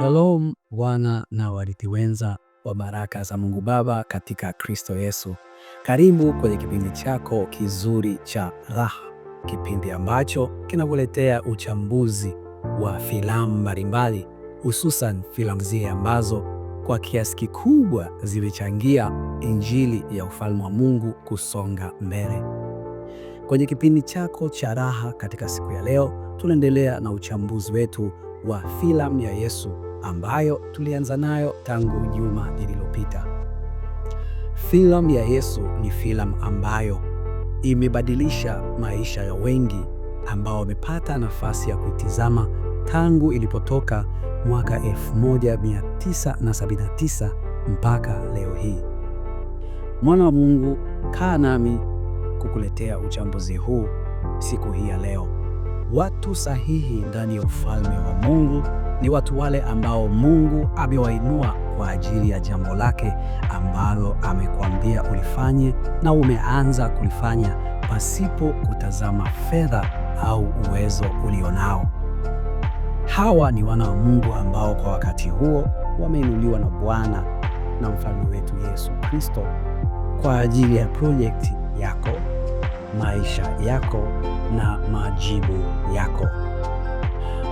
Shalom wana na warithi wenza wa baraka za Mungu Baba katika Kristo Yesu. Karibu kwenye kipindi chako kizuri cha Raha, kipindi ambacho kinakuletea uchambuzi wa filamu mbalimbali, hususan filamu zile ambazo kwa kiasi kikubwa zilichangia injili ya ufalme wa Mungu kusonga mbele. Kwenye kipindi chako cha Raha katika siku ya leo, tunaendelea na uchambuzi wetu wa filamu ya Yesu ambayo tulianza nayo tangu juma lililopita. Filamu ya Yesu ni filamu ambayo imebadilisha maisha ya wengi ambao wamepata nafasi ya kuitizama tangu ilipotoka mwaka 1979 mpaka leo hii. Mwana wa Mungu, kaa nami kukuletea uchambuzi huu siku hii ya leo. Watu sahihi ndani ya ufalme wa Mungu ni watu wale ambao Mungu amewainua kwa ajili ya jambo lake ambalo amekwambia ulifanye na umeanza kulifanya pasipo kutazama fedha au uwezo ulionao. Hawa ni wana wa Mungu ambao kwa wakati huo wameinuliwa na Bwana na mfalme wetu Yesu Kristo kwa ajili ya projekti yako, maisha yako na majibu yako.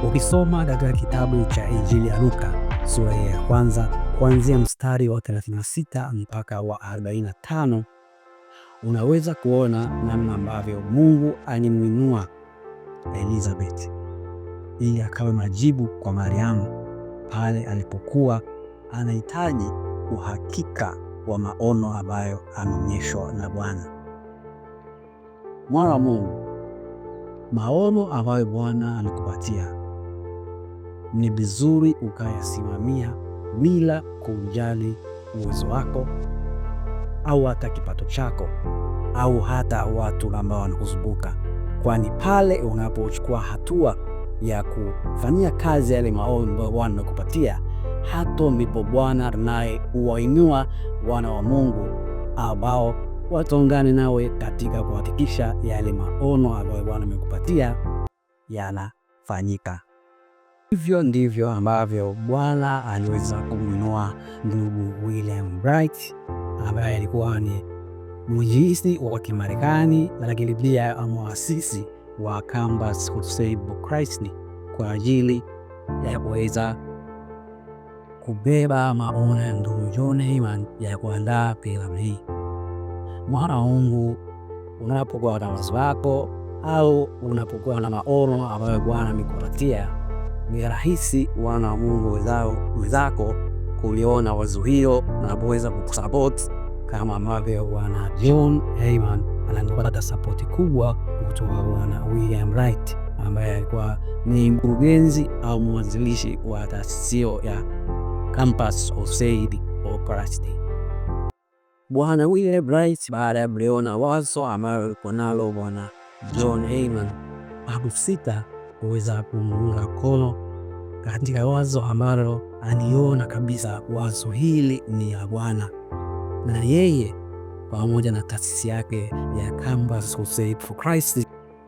Ukisoma katika kitabu cha Injili ya Luka sura ya kwanza kuanzia mstari wa 36 mpaka wa 45 unaweza kuona namna ambavyo Mungu alimwinua Elizabeth ili akawe majibu kwa Mariamu pale alipokuwa anahitaji uhakika wa maono ambayo ameonyeshwa na Bwana. Mwana wa Mungu, maono ambayo Bwana alikupatia ni vizuri ukayasimamia bila kujali uwezo wako au hata kipato chako au hata watu ambao wanakuzunguka, kwani pale unapochukua hatua ya kufanyia kazi yale maono ambayo Bwana anakupatia, hato ndipo Bwana naye huwainua wana wa Mungu ambao wataungane nawe katika kuhakikisha yale maono ambayo Bwana amekupatia yanafanyika. Hivyo ndivyo ambavyo Bwana aliweza kumwinua ndugu William Bright ambaye alikuwa ni mwinjilisti wa Kimarekani, lakini pia mwasisi wa Campus to Christ kwa ajili ya kuweza kubeba maono ya ndugu John Heyman ya kuandaa filamu hii. Mwana wa Mungu, unapokuwa na wazi wako au unapokuwa na maono ambayo Bwana amekupatia ni rahisi wana wa Mungu wenzako kuliona wazo hilo na kuweza kukusupport kama ambavyo bwana John Heyman anapata sapoti kubwa kutoka bwana William Wright ambaye alikuwa ni mkurugenzi au mwanzilishi wa taasisi ya Campus of Said University. Bwana William Wright baada ya kuliona wazo ambayo alikuwa nalo bwana John Heyman sita kuweza kumuunga mkono katika wazo ambalo aliona kabisa wazo hili ni ya Bwana na yeye pamoja na taasisi yake ya Campus Crusade for Christ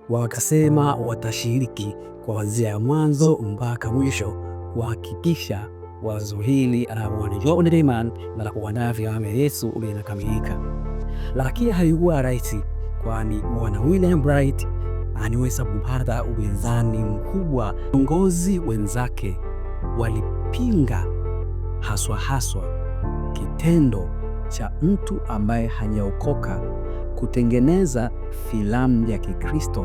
wakasema watashiriki kuanzia ya mwanzo mpaka mwisho kuhakikisha wazo hili la Bwana John Lehman na la kuandaa viwame Yesu linakamilika, lakini haikuwa rahisi, kwani Bwana William Bright aniweza kupata upinzani mkubwa. Viongozi wenzake walipinga haswa haswa kitendo cha mtu ambaye hajaokoka kutengeneza filamu ya Kikristo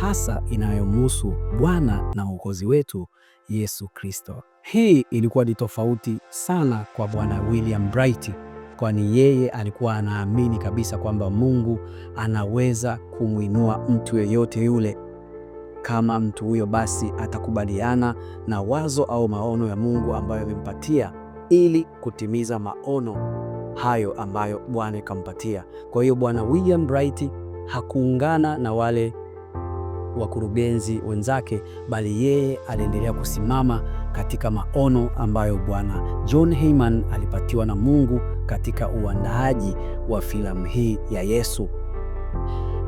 hasa inayomhusu Bwana na uongozi wetu Yesu Kristo. Hii ilikuwa ni tofauti sana kwa Bwana William Bright kwani yeye alikuwa anaamini kabisa kwamba Mungu anaweza kumwinua mtu yeyote yule kama mtu huyo basi atakubaliana na wazo au maono ya Mungu ambayo amempatia ili kutimiza maono hayo ambayo Bwana ikampatia. Kwa hiyo Bwana William Bright hakuungana na wale wakurugenzi wenzake, bali yeye aliendelea kusimama katika maono ambayo bwana John Heyman alipatiwa na Mungu katika uandaaji wa filamu hii ya Yesu.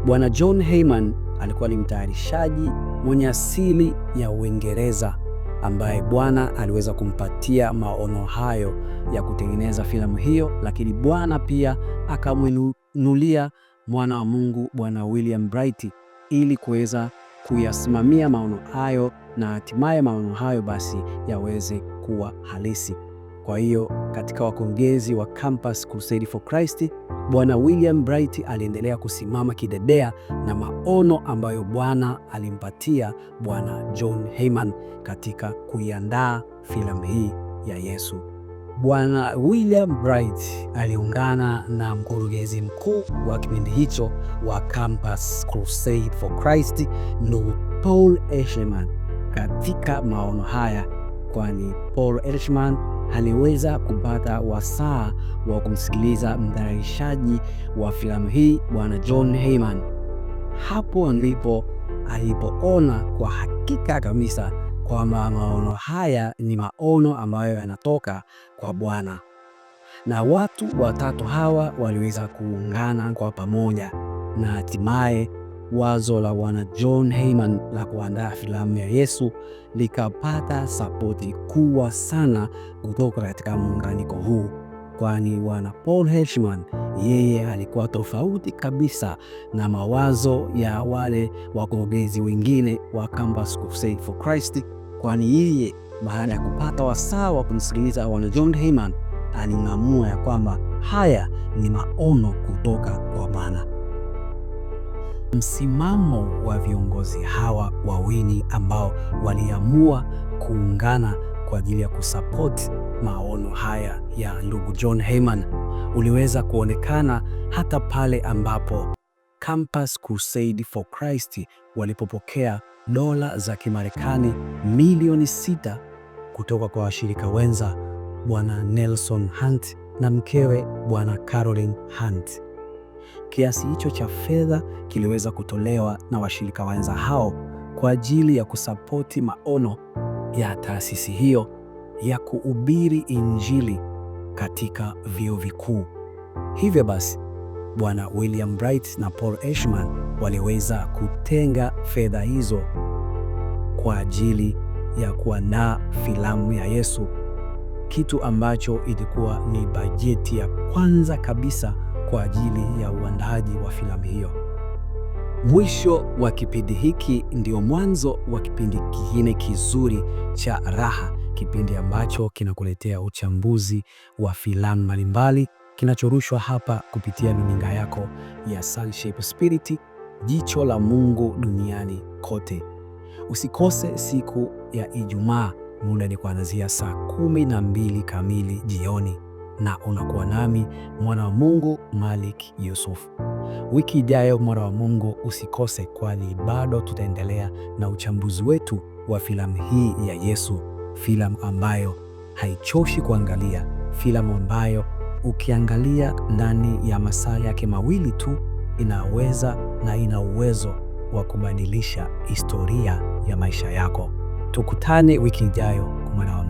Bwana John Heyman alikuwa ni mtayarishaji mwenye asili ya Uingereza ambaye Bwana aliweza kumpatia maono hayo ya kutengeneza filamu hiyo, lakini Bwana pia akamwinulia mwana wa Mungu Bwana William Bright ili kuweza kuyasimamia maono hayo na hatimaye maono hayo basi yaweze kuwa halisi. Kwa hiyo katika wakurugenzi wa Campus Crusade for Christ, Bwana William Bright aliendelea kusimama kidedea na maono ambayo Bwana alimpatia Bwana John Heyman katika kuiandaa filamu hii ya Yesu. Bwana William Bright aliungana na mkurugenzi mkuu wa kipindi hicho wa Campus Crusade for Christ, ndugu Paul Esheman katika maono haya, kwani Paul Elshman aliweza kupata wasaa wa kumsikiliza mtayarishaji wa filamu hii bwana John Heyman. Hapo ndipo alipoona kwa hakika kabisa kwamba maono haya ni maono ambayo yanatoka kwa Bwana, na watu watatu hawa waliweza kuungana kwa pamoja na hatimaye wazo la bwana John Heyman la kuandaa filamu ya Yesu likapata sapoti kubwa sana kutoka katika muunganiko huu, kwani bwana Paul Heyman yeye alikuwa tofauti kabisa na mawazo ya wale wakurugenzi wengine wa Campus Crusade for Christ, kwani yeye baada ya kupata wasaa wa kumsikiliza bwana John Heyman alimamua ya kwamba haya ni maono kutoka kwa Bwana. Msimamo wa viongozi hawa wawili ambao waliamua kuungana kwa ajili ya kusapoti maono haya ya ndugu John Heyman uliweza kuonekana hata pale ambapo Campus Crusade for Christ walipopokea dola za Kimarekani milioni sita kutoka kwa washirika wenza Bwana Nelson Hunt na mkewe Bwana Caroline Hunt. Kiasi hicho cha fedha kiliweza kutolewa na washirika wenza hao kwa ajili ya kusapoti maono ya taasisi hiyo ya kuhubiri Injili katika vyuo vikuu. Hivyo basi, Bwana William Bright na Paul Eshman waliweza kutenga fedha hizo kwa ajili ya kuandaa filamu ya Yesu, kitu ambacho ilikuwa ni bajeti ya kwanza kabisa kwa ajili ya uandaaji wa filamu hiyo. Mwisho wa kipindi hiki ndio mwanzo wa kipindi kingine kizuri cha Raha, kipindi ambacho kinakuletea uchambuzi wa filamu mbalimbali kinachorushwa hapa kupitia runinga yako ya Sonship Spirit, jicho la Mungu duniani kote. Usikose siku ya Ijumaa, muda ni kuanzia saa kumi na mbili kamili jioni na unakuwa nami mwana wa Mungu Malik Yusuf. Wiki ijayo, mwana wa Mungu, usikose, kwani bado tutaendelea na uchambuzi wetu wa filamu hii ya Yesu, filamu ambayo haichoshi kuangalia, filamu ambayo ukiangalia ndani ya masaa yake mawili tu inaweza na ina uwezo wa kubadilisha historia ya maisha yako. Tukutane wiki ijayo, mwana wa